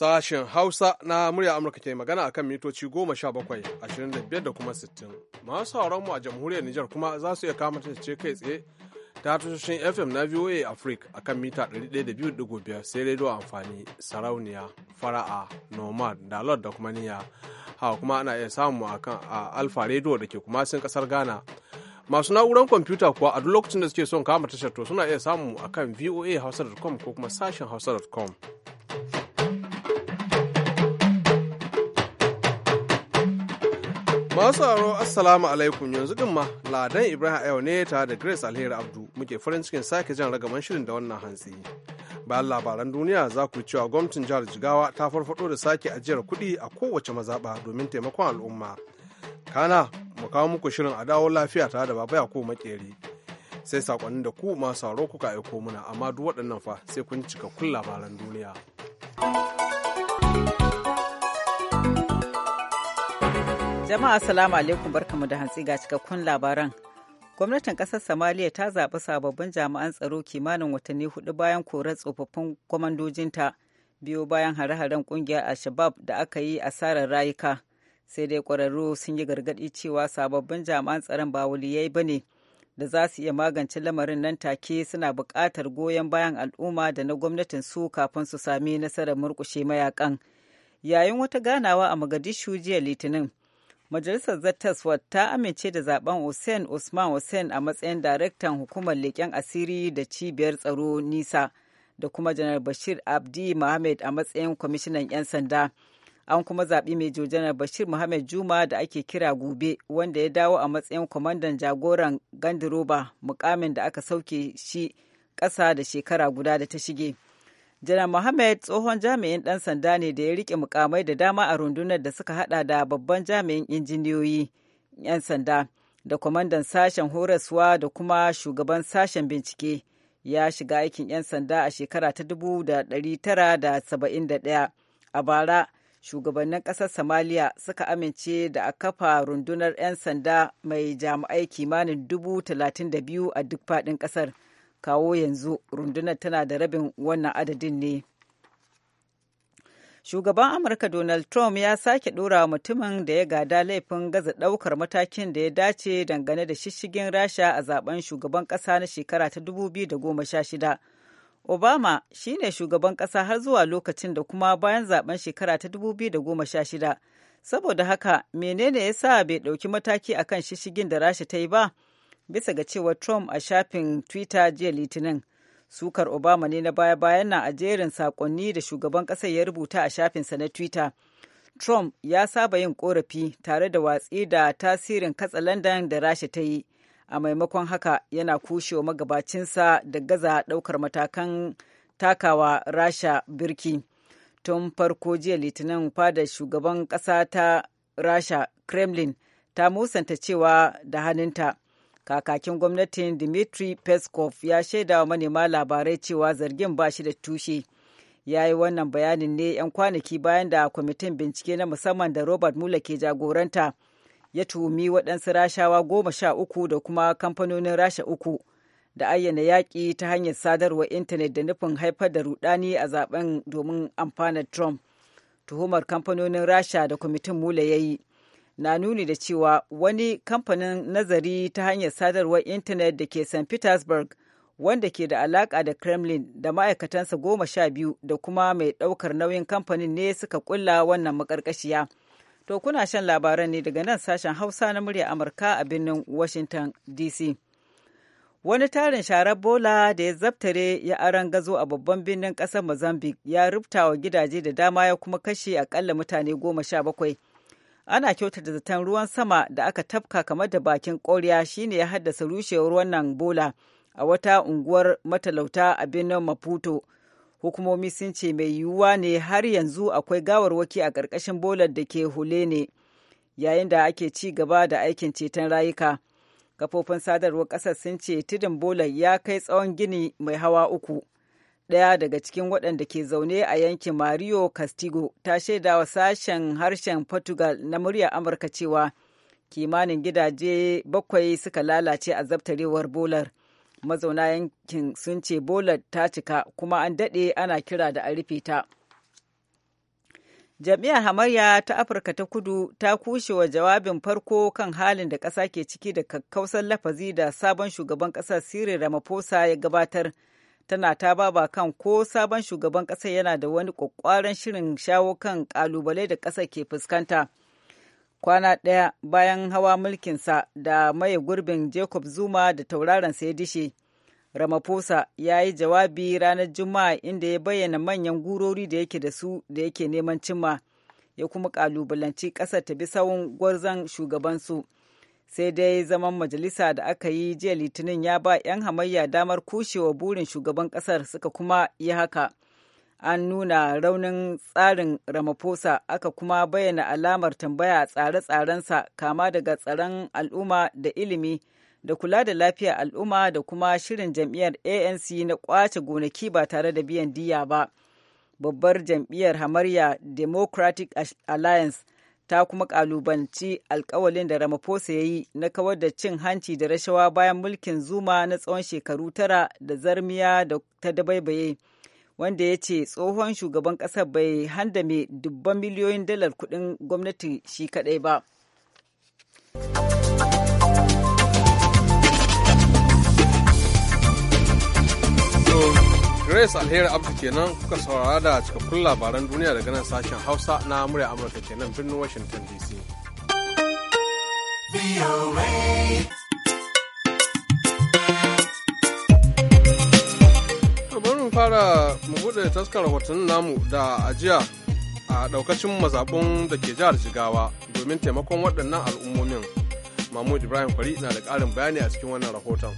Sashen Hausa na murya Amurka ke magana a kan mitoci 17, da kuma 60. Masu mu a jamhuriyar Nijar kuma za su iya kama ce kai tsaye ta tashoshin FM na VOA Africa a kan mita 102.5 sai rediyo amfani sarauniya, fara'a, nomad, dalot da kuma niya. Hawa kuma ana iya samu a kan alfa rediyo da ke kuma sun kasar Ghana. masu na'urar kwamfuta kuwa a duk lokacin da suke son kama tashar to suna iya samu a kan voa hausa.com ko kuma sashen hausa.com. Masu sauraro Assalamu alaikum yanzu din ma Ladan Ibrahim yau ne tare da Grace Alheri Abdu muke farin cikin sake jan ragaman shirin da wannan hantsi. Bayan labaran duniya za ku cewa gwamnatin jihar Jigawa ta farfado da sake ajiyar kuɗi a kowace mazaɓa domin taimakon al'umma. Kana mu kawo muku shirin a dawo lafiya tare da baba ko makeri. Sai sakonnin da ku masu sauraro kuka aiko muna amma duk waɗannan fa sai kun cika kun labaran duniya. Jama'a salamu alaikum barkamu da hantsi ga cikakkun labaran. Gwamnatin ƙasar Somalia ta zaɓi sababbin jami'an tsaro kimanin watanni hudu bayan korar tsofaffin kwamandojinta Biyu bayan hare-haren ƙungiyar Al-Shabab da aka yi asarar rayuka. Sai dai ƙwararru sun yi gargaɗi cewa sababbin jami'an tsaron ba waliyai ba ne da za su iya magance lamarin nan take suna buƙatar goyon bayan al'umma da na gwamnatin su kafin su sami nasarar murƙushe mayakan. Yayin wata ganawa a Mogadishu jiya Litinin, Majalisar Zattaswa ta amince da zaben Hussein Usman Hussein a matsayin daraktan hukumar leƙen asiri da cibiyar tsaro nisa da kuma janar Bashir Abdi Mohammed a matsayin kwamishinan 'yan sanda. An kuma zaɓi mai janar Bashir Mohammed Juma da ake kira gobe wanda ya dawo a matsayin kwamandan jagoran gandiroba mukamin da aka sauke shi ƙasa da shekara guda da ta shige. Janar Mohammed tsohon jami'in ɗan sanda ne da ya rike mukamai da dama a rundunar da suka hada da babban jami'in injiniyoyi 'yan sanda da kwamandan sashen horaswa da kuma shugaban sashen bincike ya shiga aikin 'yan sanda a shekara ta 1971 a bara shugabannin ƙasar Somalia suka amince da a kafa rundunar 'yan sanda mai jami'ai kimanin 32,000 a duk faɗin ƙasar. kawo yanzu rundunar tana da rabin wannan adadin ne shugaban amurka donald trump ya sake ɗora mutumin da ya gada laifin gaza ɗaukar matakin da ya dace dangane da shishigin rasha a zaben shugaban ƙasa na shekara ta 2016 obama shine shugaban ƙasa har zuwa lokacin da kuma bayan zaben shekara ta 2016 saboda haka menene ya sa bai ɗauki mataki akan shishigin da rasha ta yi ba bisa ga cewa Trump a shafin Twitter jiya Litinin. Sukar Obama ne na baya-bayan na a jerin saƙonni da shugaban ƙasar ya rubuta a shafinsa na Twitter. Trump ya saba yin ƙorafi tare da watsi da tasirin katsa London da Rasha ta yi. A maimakon haka yana kushewa magabacinsa da gaza ɗaukar matakan takawa Rasha birki. Tun farko jiya Litinin fada shugaban ƙasa ta Rasha Kremlin ta musanta cewa da hannunta. kakakin gwamnatin dimitri peskov ya shaida wa manema labarai cewa zargin ba shi da tushe ya yi wannan bayanin ne 'yan kwanaki bayan da kwamitin bincike na musamman da robert mueller ke jagoranta ya tuhumi waɗansu rashawa goma sha uku da kuma kamfanonin rasha uku da ayyana yaƙi ta hanyar sadarwar intanet da nufin haifar da rudani a zaben domin amfanar trump tuhumar kamfanonin rasha da kwamitin mula ya yi na nuni da cewa wani kamfanin nazari ta hanyar sadarwar intanet da ke st petersburg wanda ke da alaka da kremlin da ma'aikatansa goma sha biyu da kuma mai ɗaukar nauyin kamfanin ne suka kulla wannan makarkashiya to kuna shan labaran ne daga nan sashen hausa na murya amurka a birnin washington dc wani tarin sharar bola da ya zabtare ya aran gazo a babban birnin ƙasar mozambique ya rubta wa gidaje da dama ya kuma kashe akalla mutane goma sha bakwai ana kyautata zaton ruwan sama da aka tafka kamar da bakin koriya shine ya haddasa rushewar wannan bola a wata unguwar matalauta a birnin maputo hukumomi sun ce mai yiwuwa ne har yanzu akwai gawarwaki a ƙarƙashin bolar da ke hule ne yayin da ake ci gaba da aikin ceton rayuka kafofin sadarwar ƙasar sun ce tudun bolar ya kai tsawon gini mai hawa uku ɗaya daga cikin waɗanda ke zaune a yankin mario castigo ta shaida wa sashen harshen portugal na murya amurka cewa kimanin gidaje bakwai suka lalace a zabtarewar bolar mazauna yankin sun ce bolar ta cika kuma an daɗe ana kira da a rufe ta jami'ar hamayya ta afirka ta kudu ta kushe wa jawabin farko kan halin da ƙasa ke ciki da kakkausar lafazi da sabon shugaban ƙasar da ramaphosa ya gabatar tana ta baba kan ko sabon shugaban ƙasa yana da wani ƙwaƙƙwaran shirin shawo kan ƙalubale da ƙasar ke fuskanta. Kwana ɗaya bayan hawa mulkinsa da maye gurbin Jacob Zuma da tauraron ya dishe. Ramaphosa ya yi jawabi ranar Juma'a inda ya bayyana manyan gurori da yake da su da yake neman cimma, ya kuma ƙalubalanci ƙasar ta bi sawun gwarzon shugabansu. sai dai zaman majalisa da aka yi jiya litinin ya ba 'yan hamayya damar kushewa burin shugaban kasar suka kuma yi haka an nuna raunin tsarin ramaphosa aka kuma bayyana alamar tambaya tsare-tsarensa kama daga tsaron al'umma da ilimi da kula da lafiyar al'umma da kuma shirin jam'iyyar anc na kwace gonaki ba tare da biyan diya ba babbar jam'iyyar hamarya democratic alliance ta kuma kalubanci alkawalin da Ramaphosa ya yi na kawar da cin hanci da rashawa bayan mulkin zuma na tsawon shekaru tara da zarmiya da ta dabaibaye wanda ya ce tsohon shugaban ƙasar bai handame dubban miliyoyin dalar kuɗin gwamnati shi kaɗai ba. Grace Alheri Abdu kenan kuka saurara da cikakkun labaran duniya daga nan sashen Hausa na murya Amurka kenan birnin Washington DC. abar mu fara mu bude taskar rahotannin namu da ajiya a daukacin mazaɓun da ke jihar Jigawa domin taimakon waɗannan al'ummomin. Mahmud Ibrahim fari na da ƙarin bayani a cikin wannan rahoton.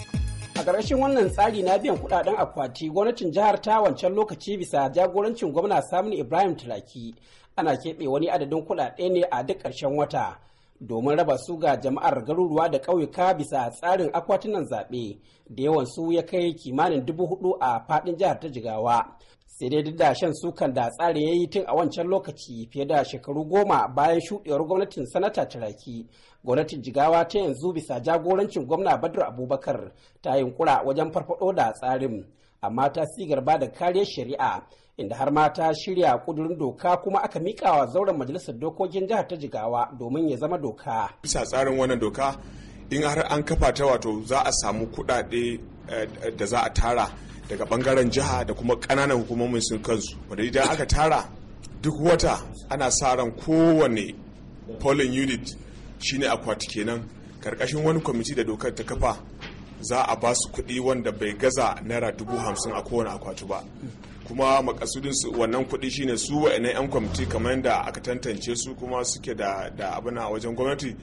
a ƙarshen wannan tsari na biyan kuɗaɗen akwati gwamnatin jihar ta wancan lokaci bisa jagorancin gwamna samun ibrahim turaki ana keɓe wani adadin kuɗaɗe ne a duk ƙarshen wata domin raba su ga jama'ar garuruwa da ƙauyuka bisa tsarin akwatunan zaɓe da yawan su ya kai kimanin dubu hudu a faɗin jihar ta jigawa sai dai duk da shan sukan da tsarin ya yi tun a wancan lokaci fiye da shekaru goma bayan shuɗewar gwamnatin sanata turaki gwamnatin jigawa ta yanzu bisa jagorancin gwamna badar abubakar ta yunkura wajen farfado da tsarin amma ta sigar ba da kariyar shari'a inda har ma ta shirya kudurin doka kuma aka mika wa zauren majalisar dokokin jihar ta jigawa domin ya zama doka bisa tsarin wannan doka in har an kafa ta wato za a samu kuɗaɗe eh, da za a tara daga bangaren jiha da kuma kananan hukumomin sun kansu wadda idan aka tara duk wata ana sa ran kowane polling unit shine akwati kenan karkashin wani kwamiti da dokar ta kafa za a ba su kuɗi wanda bai gaza naira dubu hamsin a kowane akwati ba kuma makasudin wannan kuɗi shine su wa'annan 'yan kwamiti kamar yadda aka tantance su kuma suke da abin a wajen gwamnati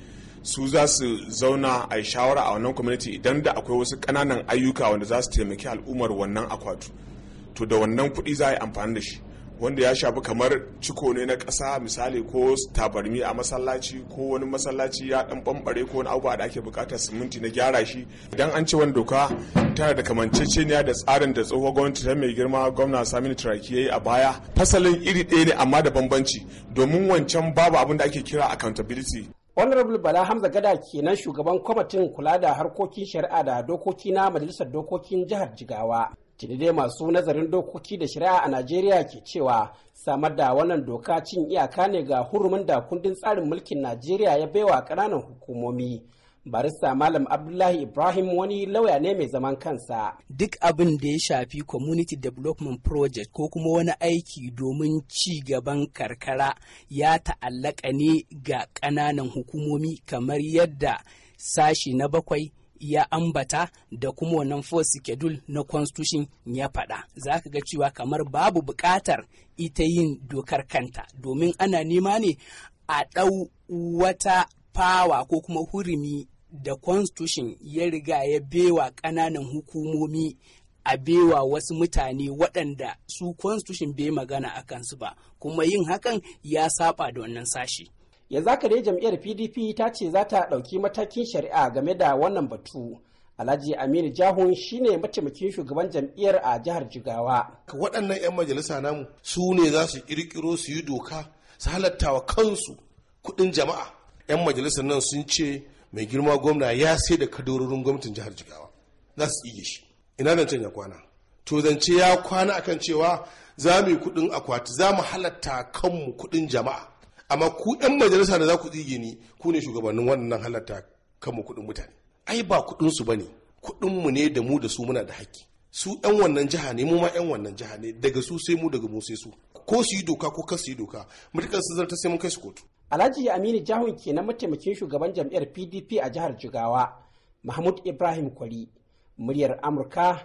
su za su zauna a shawara a wannan community idan da akwai wasu kananan ayyuka wanda za su taimaki al'ummar wannan akwatu to da wannan kuɗi za a yi amfani da shi wanda ya shafi kamar ciko ne na ƙasa misali ko tabarmi a masallaci ko wani masallaci ya ɗan bambare ko wani abubuwa da ake bukatar siminti na gyara shi idan an ce wani doka tana da kamanceceniya da tsarin da tsohuwar gwamnati ta mai girma gwamna saminu turaki ya yi a baya fasalin iri ɗaya ne amma da bambanci domin wancan babu abin da ake kira accountability honorable bala hamza gada kenan shugaban kwamitin kula da harkokin shari'a da dokoki na majalisar dokokin jihar jigawa tuni dai masu nazarin dokoki da shari'a a najeriya ke cewa samar da wannan doka cin iyaka ne ga hurumin da kundin tsarin mulkin najeriya ya baiwa ƙananan hukumomi barista malam abdullahi ibrahim wani lauya ne mai zaman kansa duk abin da ya shafi community development project ko kuma wani aiki domin ci gaban karkara ya ta'allaka ne ga ƙananan hukumomi kamar yadda sashi na bakwai ya ambata da kuma wannan four schedule na constitution ya faɗa za ka ga cewa kamar babu buƙatar ita yin dokar kanta domin ana nema ne a ɗau wata fawa ko kuma hurumi da constitution ya riga ya bewa ƙananan hukumomi a bewa wasu mutane waɗanda su constitution bai magana a kansu ba kuma yin hakan ya saba da wannan sashi. ya zaka dai jam'iyyar pdp ta ce za ta ɗauki matakin shari'a game da wannan batu alhaji aminu jahun shine mataimakin shugaban jam'iyyar a jihar jigawa waɗannan 'yan majalisa namu su ne za su ƙirƙiro su yi doka su halatta wa kansu kuɗin jama'a 'yan majalisar nan sun ce mai girma gwamna ya sai da kaddarorin gwamnatin jihar jigawa za su iya shi ina zancen ya kwana to zance ya kwana akan cewa za mu yi kudin akwati za mu halatta kanmu kudin jama'a amma ku yan majalisa da za ku tsige ni ku ne shugabannin wannan halatta kanmu kudin mutane ai ba kudin su bane kudin mu ne da mu da su muna da haƙƙi su yan wannan jiha ne mu ma yan wannan jiha ne daga su sai mu daga mu sai su ko su yi doka ko kar su yi doka mutukar su zarta sai mun kai su kotu Alhaji Aminu Jahun kenan mataimakin shugaban jam'iyyar PDP a jihar Jigawa, Mahmud Ibrahim Kwari, muryar Amurka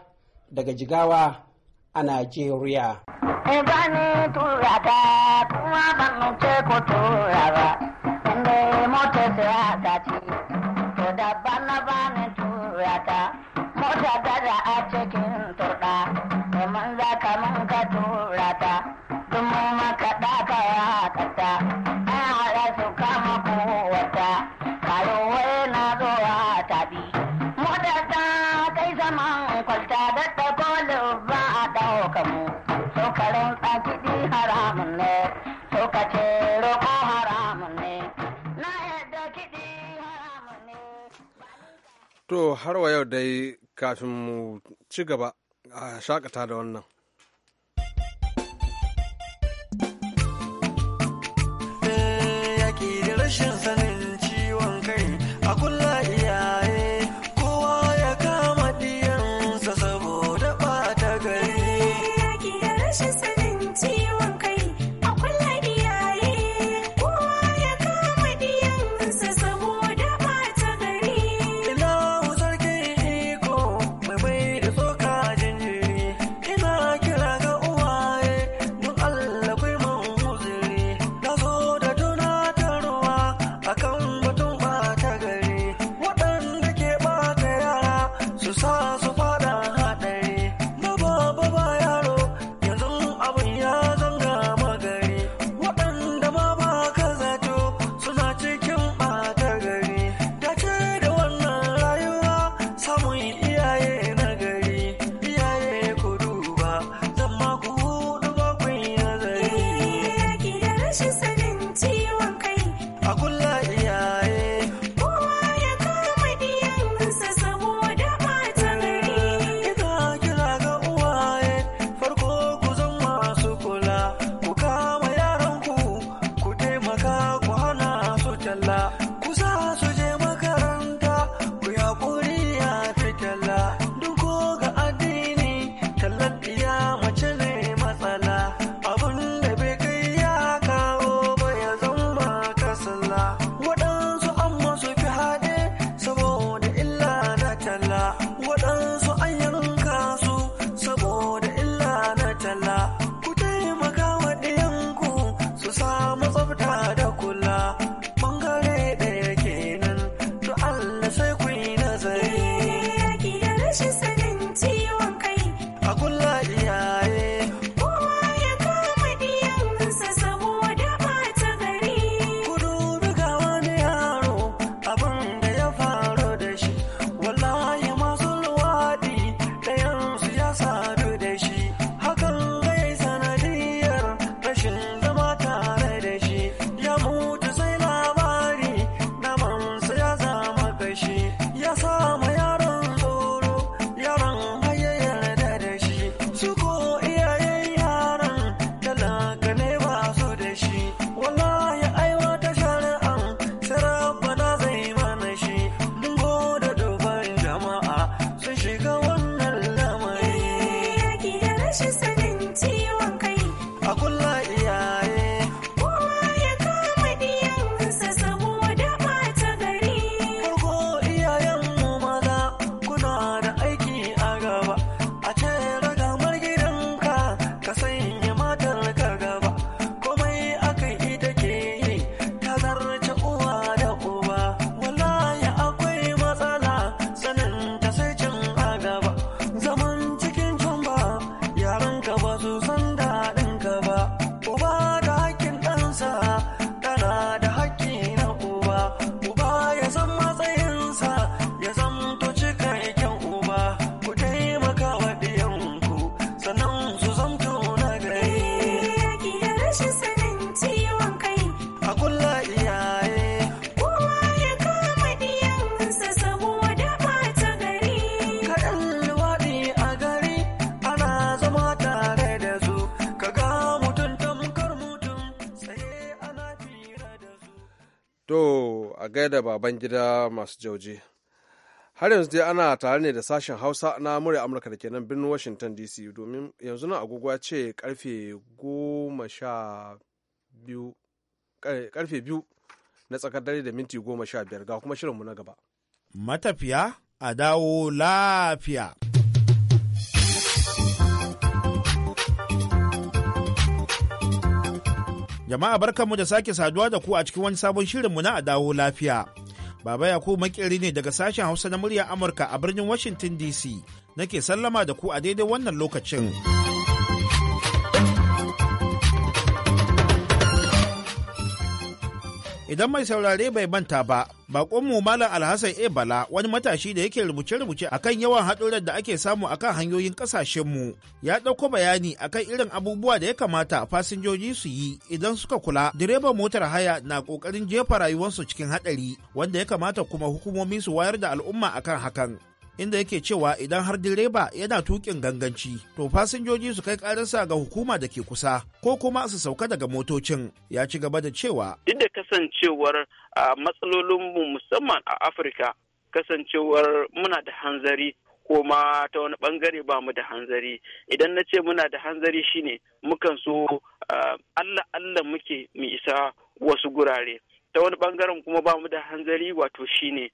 daga Jigawa a Najeriya. E Ibrahim kuma ban ce ku har wa yau dai kafin mu ci gaba a shakata da wannan. Eh, yaki da rashin To a gaida baban gida masu jauje. Har yanzu dai ana tare ne da sashen Hausa na murya Amurka da kenan birnin Washington DC domin yanzu nan agogo ce karfe goma sha biyu karfe biyu na tsakar dare da minti goma sha biyar ga kuma shirinmu na gaba. Matafiya a dawo lafiya. Jama'a barkanmu da sake saduwa da ku a cikin wani sabon shirin mu na a dawo lafiya. Baba Yakubu makeri ne daga sashen Hausa na muryar Amurka a birnin Washington DC. Nake sallama da ku a daidai wannan lokacin. Idan mai saurare bai manta ba, baƙonmu Malam Alhassan E. Bala wani matashi da yake rubuce-rubuce akan yawan haɗurar da ake samu akan hanyoyin ƙasashenmu ya ɗauko bayani akan irin abubuwa da ya kamata fasinjoji su yi idan suka kula direban motar haya na ƙoƙarin jefa rayuwarsu cikin haɗari wanda ya kamata kuma hukumomi su wayar da al'umma akan hakan. inda yake cewa idan har direba yana tukin ganganci to fasinjoji su kai karinsa ga hukuma da ke kusa ko kuma su sauka daga motocin ya ci gaba da cewa duk da kasancewar matsalolin mu musamman a afirka kasancewar muna da hanzari ko ma ta wani bangare ba mu da hanzari idan na ce muna da hanzari shine mukan so allah allah muke mu isa wasu gurare ta wani bangaren kuma ba mu da hanzari wato shine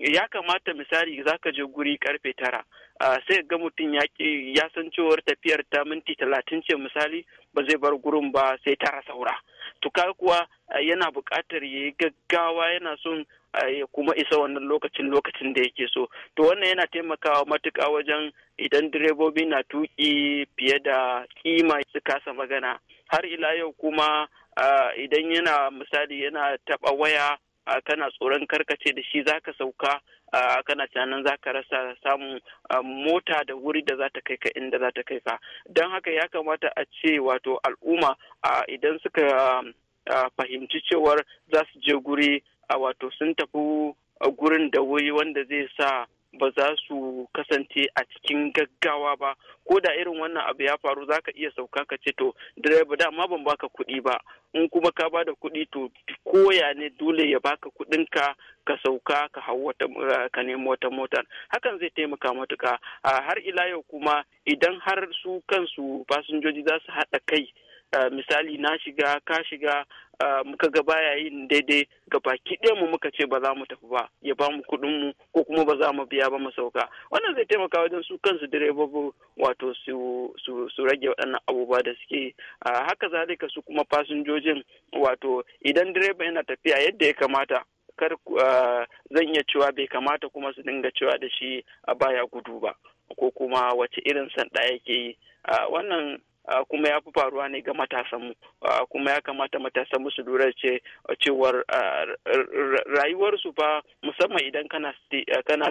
ya kamata misali za ka je guri karfe tara sai ga mutum ya san cewar tafiyar ta minti talatin ce misali ba zai bar gurin ba sai tara saura tuka kuwa yana buƙatar ya yi gaggawa yana son ya kuma isa wannan lokacin lokacin da yake so to wannan yana taimakawa matuka wajen idan direbobi na tuki fiye da kima su kasa magana har ila yau kuma idan yana misali yana taɓa waya kana tsoron karkace da shi zaka sauka kana tunanin zaka rasa samun mota da wuri da za ta kai ka inda za ta kai ka don haka ya kamata a ce wato al'umma idan suka fahimci cewar za su je guri wato sun tafi gurin da wuri wanda zai sa ba za su kasance a cikin gaggawa ba ko da irin wannan abu ya faru za ka iya sauka ka ce to direba dama ban baka kuɗi ba in kuma ka bada kuɗi to koya ne dole ya baka kuɗinka ka sauka ka hau wata ka nemo wata mota hakan zai taimaka matuka har ila yau kuma idan har su kansu fasinjoji za su haɗa kai Eh, misali na shiga ka shiga eh, muka ga baya yin daidai ga baki ɗaya mu muka ce ba za mu tafi ba ya ba mu kuɗin mu ko kuma ba za mu biya ba mu sauka wannan zai taimaka wajen su kansu direbobin wato su rage waɗannan abubuwa da suke eh, haka zalika su kuma fasinjojin wato idan direba yana tafiya yadda ya kamata kar zan iya cewa bai kamata kuma su dinga cewa da shi a baya gudu ba ko kuma wace irin sanda yake yi wannan Ah, kuma ya fi faruwa ne ga matasanmu ah, kuma ya kamata matasanmu su lura ce cewar ah, rayuwarsu ba musamman idan kana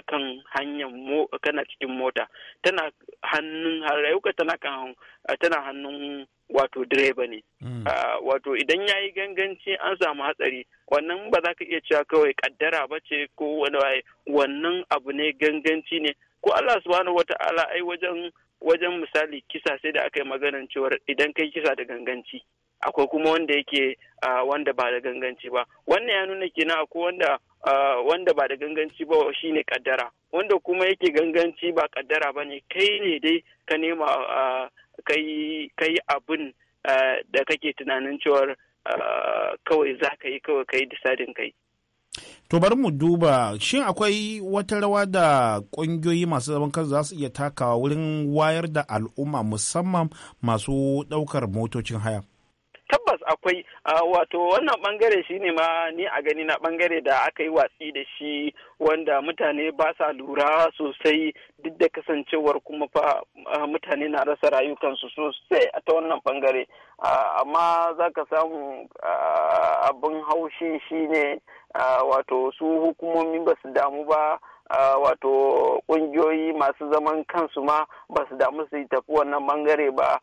kan hanyar kana cikin mota tana hannun rayuka tana kan tana hannun wato direba ne hmm. wato idan yayi ganganci an samu hatsari wannan ba za ka iya cewa kawai kaddara ba ce ko wani wannan abu ne ganganci ne ko Allah subhanahu wata'ala ai wajen wajen misali kisa sai da aka yi maganan cewar idan kai kisa da ganganci akwai kuma wanda yake wanda ba da ganganci ba wannan ya nuna kenan akwai wanda wanda ba da ganganci ba shine kaddara wanda kuma yake ganganci ba kaddara ba ne kai ne dai ka nema kai abin da kake tunanin cewar kawai za ka yi kawai kai disadin kai To bari mu duba shin akwai wata rawa da ƙungiyoyi masu zaman kansu za su iya takawa wurin wayar da al'umma musamman masu ɗaukar motocin haya. Tabbas akwai wato wannan bangare shi ne ma ni a gani na bangare da aka yi watsi da shi wanda mutane ba sa lura sosai duk da kasancewar kuma fa mutane na rasa rayukansu sosai a ta wannan bangare amma za ka samu abin haushi shi ne. wato su hukumomi ba su damu ba wato ƙungiyoyi masu zaman kansu ma ba su damu su tafi wannan bangare ba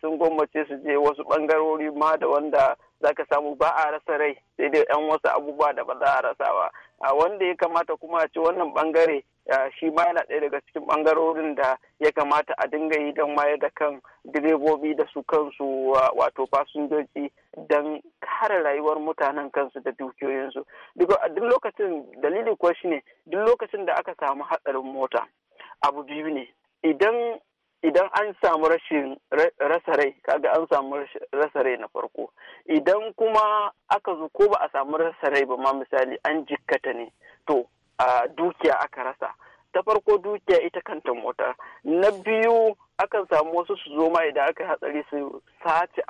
sun gwamnace su je wasu bangarori ma da wanda zaka samu ba a rasa rai sai dai yan wasu abubuwa da ba za a rasa ba wanda ya kamata kuma a ci wannan bangare shi ma yana ɗaya daga cikin ɓangarorin da ya kamata a dinga yi don mayar da kan direbobi da su kansu wato fasinjoji don kare rayuwar mutanen kansu da dukiyoyinsu duk lokacin dalilin kuwa shine duk lokacin da aka samu hatsarin mota abu biyu ne idan idan an samu rashin rasa rai kaga an samu rasa rai na farko idan kuma aka zo ko ba a samu rasa rai ba ma misali an jikkata ne to a dukiya aka rasa ta farko dukiya ita kanta mota na biyu akan samu wasu su zo ma idan aka yi hatsari su sace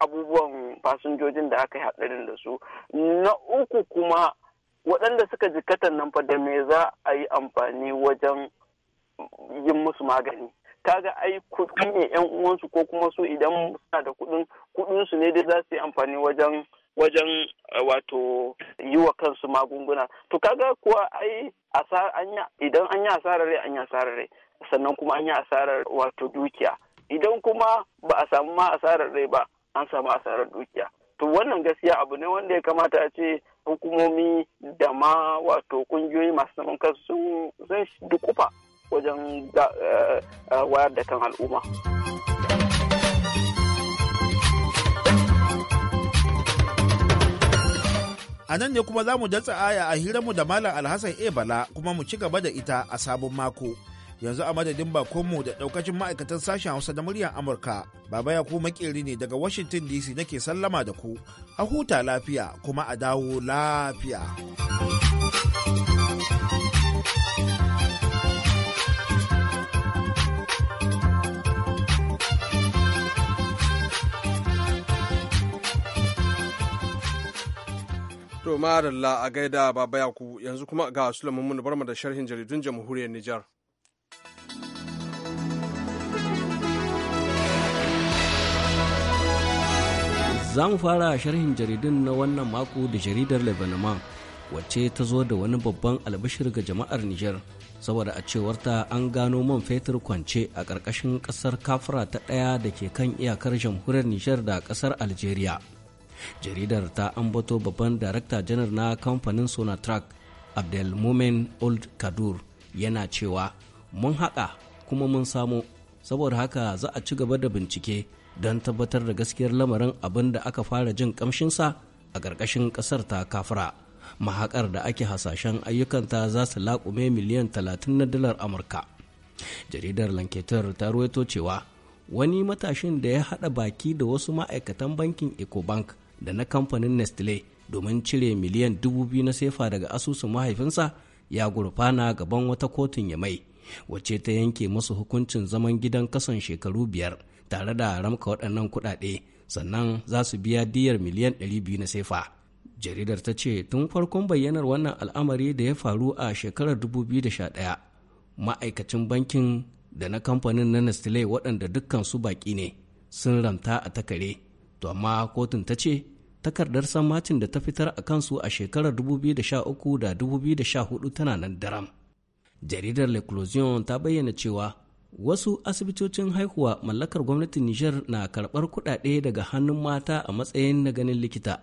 abubuwan fasinjojin da aka yi hatsarin da su na uku kuma waɗanda suka jikatan nan fa da me za a yi amfani wajen yin musu magani kaga ai kuɗi ne yan uwansu ko kuma su idan suna da kuɗin kuɗin ne dai za su yi amfani wajen wajen eh, wato yi wa kansu magunguna to kaga kuwa ai idan an yi asarar rai an yi asarar rai sannan kuma an yi asarar wato dukiya idan kuma ba a samu ma asarar rai ba an samu asarar dukiya to wannan gaskiya abu ne wanda ya kamata a ce hukumomi da ma wato kungiyoyi masu zaman kansu sun dukufa wajen eh, eh, wayar da kan al'umma. A nan ne kuma za mu datsa aya a mu da Malam Alhassan E Bala kuma mu ci gaba da ita a sabon mako. Yanzu a madadin bakonmu da ɗaukacin ma'aikatan sashen Hausa da muryar Amurka, Baba ya kuma makeri ne daga Washington DC nake sallama da ku. A huta lafiya kuma a dawo lafiya. To madalla a gaida baba yaku yanzu kuma ga Sulaiman bar mu da sharhin jaridun jamhuriyar Nijar. Za mu fara sharhin jaridun na wannan mako da jaridar Lebanama wacce ta zo da wani babban albishir ga jama'ar Nijar saboda a cewarta an gano man fetur kwance a ƙarƙashin ƙasar kafra ta ɗaya da ke kan iyakar jamhuriyar Nijar da ƙasar Algeria. jaridar ta ambato babban darakta janar na kamfanin sonatrack abdelmomen old kadur yana cewa mun haƙa kuma mun samu saboda haka za a ci gaba da bincike don tabbatar da gaskiyar lamarin abin da aka fara jin kamshinsa a ƙarƙashin ƙasar ta kafra mahaƙar da ake hasashen ayyukanta za su laƙume miliyan 30 na dalar amurka jaridar lanketar ta ruwaito cewa wani matashin da ya haɗa baki da wasu ma'aikatan bankin ecobank da na kamfanin nestle domin cire miliyan dubu biyu na sefa daga asusun mahaifinsa ya gurfana gaban wata kotun ya mai wacce ta yanke masu hukuncin zaman gidan kasan shekaru biyar tare da ramka waɗannan kuɗaɗe sannan za su biya diyar miliyan ɗari biyu na sefa jaridar ta ce tun farkon bayyanar wannan al'amari da ya faru a shekarar 2011 ma'aikacin bankin da na kamfanin na nestle waɗanda dukkan su baƙi ne sun ramta a takare to amma kotun ta ce takardar sammacin da ta fitar a kansu a shekarar 2013 da 2014 tana nan daram jaridar l'eclosion ta bayyana cewa wasu asibitocin haihuwa mallakar gwamnatin niger na karbar kudade daga hannun mata a matsayin na ganin likita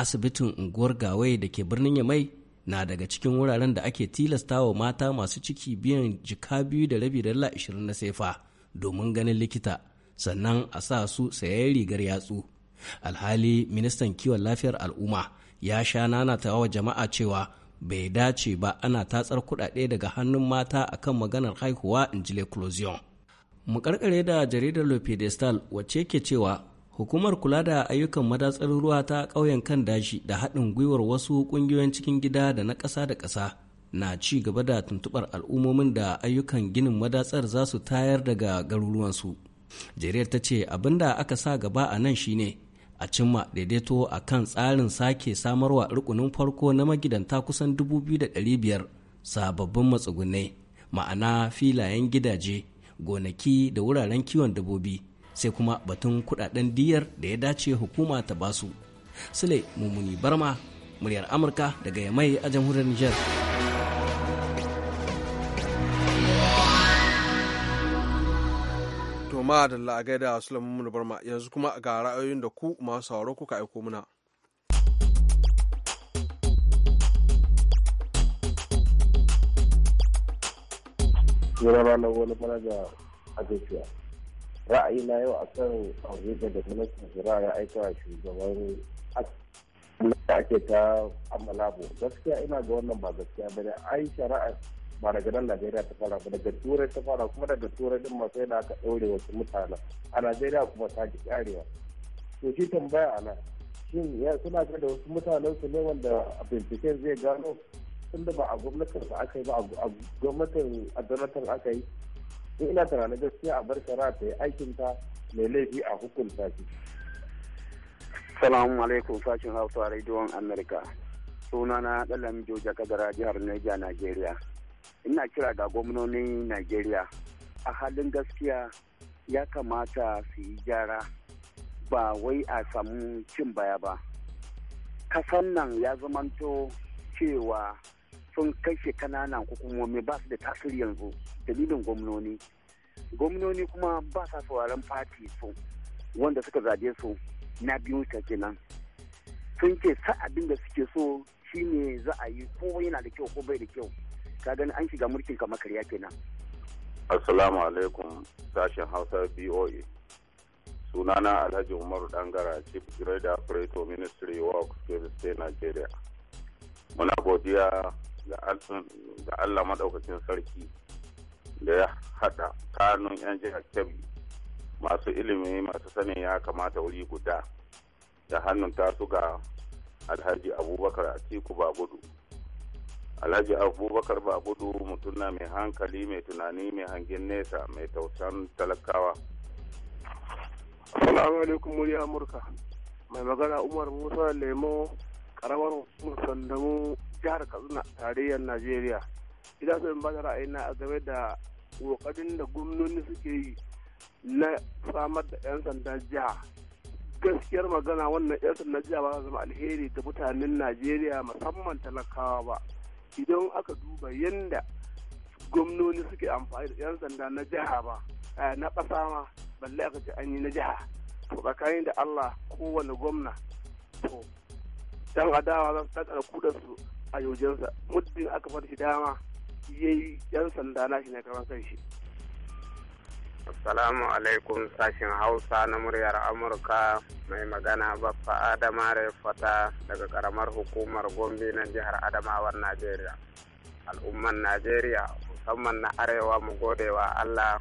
asibitin unguwar gawai da ke birnin yamai na daga cikin wuraren da ake tilasta wa mata masu ciki biyan jika biyu da rabi dala na sefa domin ganin likita sannan a sa su sayayyar rigar yatsu alhali ministan kiwon lafiyar al'umma ya sha nanatawa wa jama'a cewa bai dace ba ana tatsar kuɗaɗe daga hannun mata akan maganar haihuwa in ji mu karkare da jaridar le pedestal wacce ke cewa hukumar kula da ayyukan madatsar ruwa ta ƙauyen kan dashi da haɗin gwiwar wasu ƙungiyoyin cikin gida da na ƙasa da ƙasa na ci gaba da tuntuɓar al'ummomin da ayyukan ginin madatsar za su tayar daga garuruwansu. jariyar ta ce abin da aka sa gaba a nan shine a cimma daidaito a kan tsarin sake samarwa rukunin farko na magidanta kusan 2,500 sababbin matsugunai ma'ana filayen gidaje gonaki da wuraren kiwon dabbobi sai kuma batun kudaden diyar da ya dace hukuma ta basu sule mummuni barma muryar amurka daga yamai a jamhuriyar niger ma da la'agai da Sulaiman Barma yanzu kuma ga ra'ayoyin da ku masu sauraro kuka aiko muna. ba na wani manaja da gajiya. Ra'ayi na yau a kan abubuwan da kuma shari'a ya aika wa shugaban da ake ta amala gaskiya ina ga wannan ba gaskiya ba da ai shari'a ba daga nan najeriya ta fara ba daga turai ta fara kuma daga turai din ma sai da aka ɗaure wasu mutanen a najeriya kuma ta ji karewa to shi tambaya a nan shin ya suna ga da wasu mutanen su ne wanda binciken zai gano tunda ba a gwamnatin ba aka yi ba a gwamnatin a aka yi in ina tunanin gaskiya a bar shara ta yi aikin ta mai laifi a hukunta shi salamu alaikum sashen hausa rediyon amerika sunana ɗalam joja kadara jihar niger nigeria ina kira ga gwamnonin najeriya a halin gaskiya ya kamata su yi gyara ba wai a samu cin baya ba kasan nan ya zamanto cewa sun kashe kananan hukumomi ba su da tasiri yanzu dalilin gwamnoni gwamnoni kuma ba sa sauraron fati su wanda suka zabe su na biyu ta kenan sun ce sa abin da suke so shine za a yi ko yana da kyau ko bai da kyau ka gani an shiga mulkin ka makariya kenan assalamu alaikum sashen hausa boa sunana alhaji umaru dangara chief grade operator ministry work state nigeria muna godiya ga allah maɗaukacin sarki da ya haɗa kanun 'yan jihar kebbi masu ilimi masu sanin ya kamata wuri guda da hannun tasu ga alhaji abubakar atiku ba gudu alhaji abubakar ba gudu mutum na mai hankali mai tunani mai hangen nesa mai tautan talakawa assalamu alaikum murya amurka mai magana umar musa lemo karamar hukumar sandamu jihar katsina tarayyar najeriya ina son ba da ra'ayina a game da kokarin da gwamnoni suke yi na samar da 'yan sanda jiha gaskiyar magana wannan 'yan sanda jiha ba zama alheri ga mutanen najeriya musamman talakawa ba idan aka duba yadda gwamnoni suke amfani da 'yan sanda na jiha ba eh, na ƙasa ma balle aka ji an yi na jiha to tsakanin da allah kowane gwamna to dan adawa za su kudar kudansu a yaujensa muddin aka fata shi dama yayi 'yan sanda na shi ne karan kan shi Assalamu alaikum sashen Hausa na muryar Amurka mai magana Baffa Adama Fata daga karamar hukumar Gombe na jihar Adamawar Najeriya. Al'umman Najeriya musamman na arewa mu godewa Allah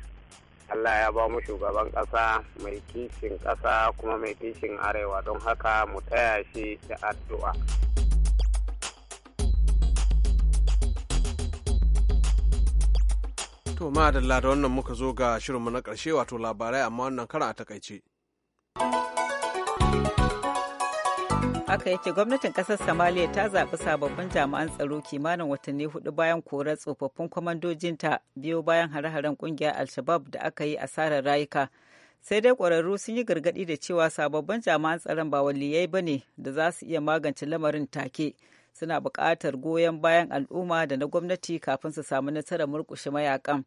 Allah ya ba mu shugaban ƙasa mai kishin ƙasa kuma mai kishin arewa don haka mu taya shi da addu'a. To ma da wannan muka zo ga shirinmu na ƙarshe wato labarai amma wannan karan a takaice. haka yake gwamnatin kasar samaliya ta zaɓi sababbin jami'an tsaro kimanin watanni hudu bayan korar tsofaffin kwamandojinta biyo bayan hare-haren ƙungiyar alshabab da aka yi asarar rayuka sai dai ƙwararru sun yi gargaɗi da cewa sababbin jami'an tsaron ba waliyai ba ne da za su iya magance lamarin take suna buƙatar goyon bayan al'umma da na gwamnati kafin su samu nasarar murƙushe mayakan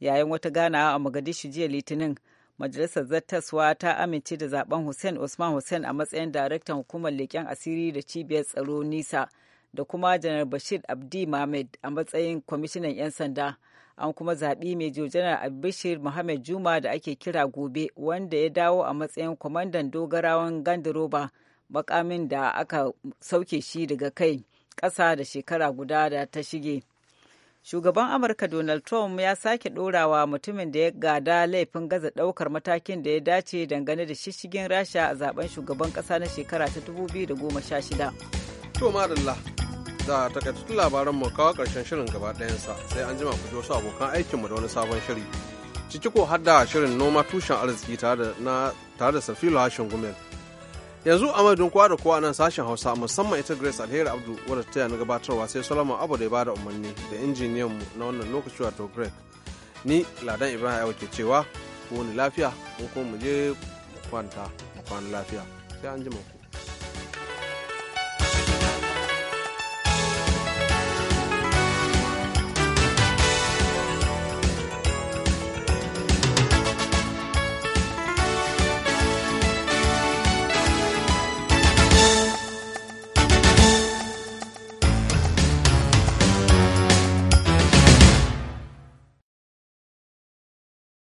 yayin wata ganawa a mogadishu jiya litinin majalisar zattaswa ta amince da zaben hussein usman hussein a matsayin daraktan hukumar leƙen asiri da cibiyar tsaro nisa da kuma janar bashir abdi mohamed a matsayin kwamishinan 'yan sanda an kuma zaɓi mai jojanar abishir mohamed juma da ake kira gobe wanda ya dawo a matsayin kwamandan dogarawan gandaroba makamin da aka sauke shi daga kai ƙasa da shekara guda da ta shige shugaban amurka donald trump ya sake ɗorawa mutumin da ya gada laifin gaza ɗaukar matakin da ya dace dangane da shishigin rasha a zaben shugaban ƙasa na shekara ta 2016 to madalla da takaitattun labaran mu kawo ƙarshen shirin gaba ɗayansa sai an jima ku ji wasu abokan mu da wani sabon shiri ciki ko hadda shirin noma tushen arziki tare da safilu hashin gumel yanzu a madadin kowa da kowa nan sashen hausa musamman ita grace alheri abdu wadda ta na gabatarwa sai solomon abu da ya bada umarni da injiniyan mu na wannan lokaci wato greg ni ladan ibrahim ya ke cewa ko wani lafiya ko kuma mu je kwanta mu kwana lafiya sai an ji ku.